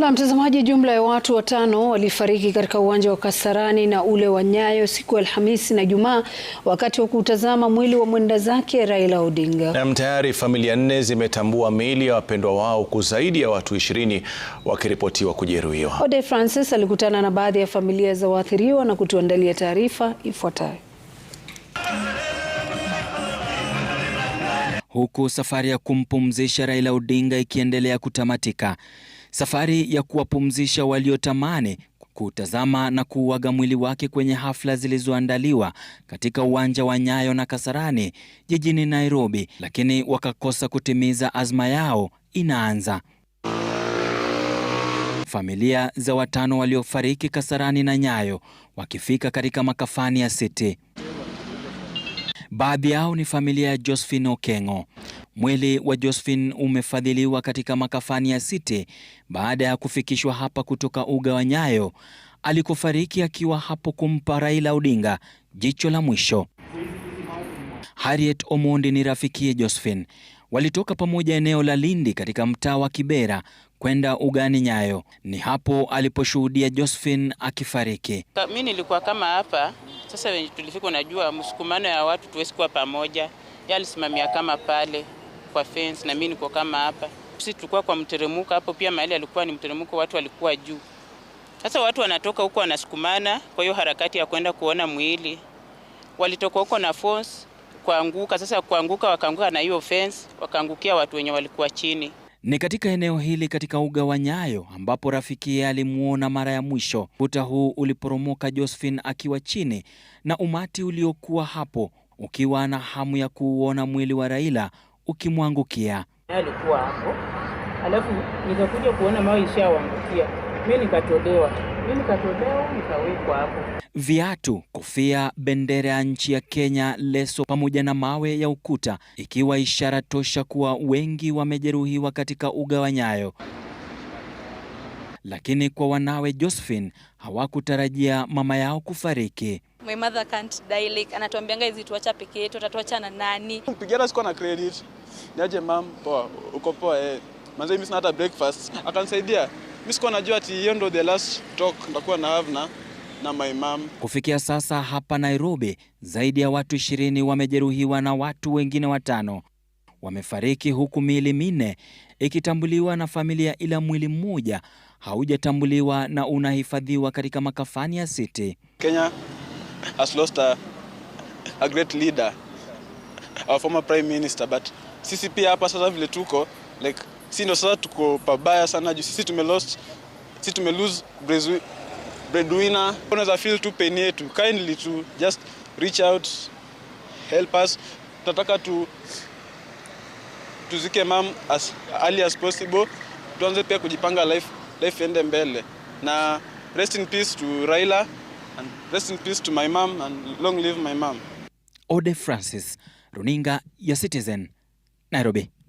Na mtazamaji, jumla ya watu watano walifariki katika uwanja wa Kasarani na ule wa Nyayo siku ya Alhamisi na jumaa wakati wa kutazama mwili wa mwenda zake Raila Odinga. Na tayari familia nne zimetambua miili ya wapendwa wao huku zaidi ya watu ishirini wakiripotiwa kujeruhiwa. Ode Francis alikutana na baadhi ya familia za waathiriwa na kutuandalia taarifa ifuatayo. Huku safari ya kumpumzisha Raila Odinga ikiendelea kutamatika Safari ya kuwapumzisha waliotamani kutazama na kuuaga mwili wake kwenye hafla zilizoandaliwa katika uwanja wa Nyayo na Kasarani jijini Nairobi, lakini wakakosa kutimiza azma yao inaanza. Familia za watano waliofariki Kasarani na Nyayo wakifika katika makafani ya City. Baadhi yao ni familia ya Josephine Okengo. Mwili wa Josephine umefadhiliwa katika makafani ya City baada ya kufikishwa hapa kutoka uga wa Nyayo alikofariki akiwa hapo kumpa Raila Odinga jicho la mwisho. Harriet Omondi ni rafikiye Josephine. Walitoka pamoja eneo la Lindi katika mtaa wa Kibera kwenda ugani Nyayo. Ni hapo aliposhuhudia Josephine akifariki. Mimi nilikuwa kama hapa sasa wenye tulifika, unajua msukumano ya watu tuwezi kuwa pamoja. Yeye alisimamia kama pale kwa fence na mimi niko kama hapa. Sisi tulikuwa kwa mteremko hapo, pia mahali alikuwa ni mteremko, watu walikuwa juu. Sasa watu wanatoka huko wanasukumana, kwa hiyo harakati ya kwenda kuona mwili walitoka huko na force kuanguka. Sasa kuanguka, wakaanguka na hiyo fence, wakaangukia watu wenye walikuwa chini. Ni katika eneo hili katika uga wa Nyayo ambapo yake alimuona mara ya mwisho. Ukuta huu uliporomoka Josephine akiwa chini na umati uliokuwa hapo ukiwa na hamu ya kuuona mwili wa Raila ukimwangukia. Alikuwa hapo, alafu nikakuja kuona mawe ishawangukia, mimi nikatolewa mimi nikatolewa nikawekwa hapo. Viatu, kofia, bendera ya nchi ya Kenya, leso pamoja na mawe ya ukuta, ikiwa ishara tosha kuwa wengi wamejeruhiwa katika uga wa Nyayo. Lakini kwa wanawe Josephine hawakutarajia mama yao kufariki. My mother can't die like anatuambianga hizi tuacha peke yetu, atatuacha na nani? Mpigiana siko na credit. Niaje mam, poa, uko poa eh. Manze mimi sina hata breakfast. Akanisaidia. Mimi siko najua ati hiyo ndo the last talk nitakuwa na have na na my mom. Kufikia sasa hapa Nairobi, zaidi ya watu 20 wamejeruhiwa na watu wengine watano wamefariki huku miili minne ikitambuliwa na familia, ila mwili mmoja haujatambuliwa na unahifadhiwa katika makafani ya City. Kenya has lost a, a great leader, our former prime minister, but sisi pia hapa sasa vile tuko like si ndio sasa tuko pabaya sana juu sisi tume lost, sisi tume lose breadwinner. Unaweza feel tu pain yetu, kindly to just reach out help us. Tunataka tu tuzike mam as early as possible, tuanze pia kujipanga life life ende mbele, na rest in peace to Raila and rest in peace to my mom and long live my mom. Ode Francis, Runinga ya Citizen, Nairobi.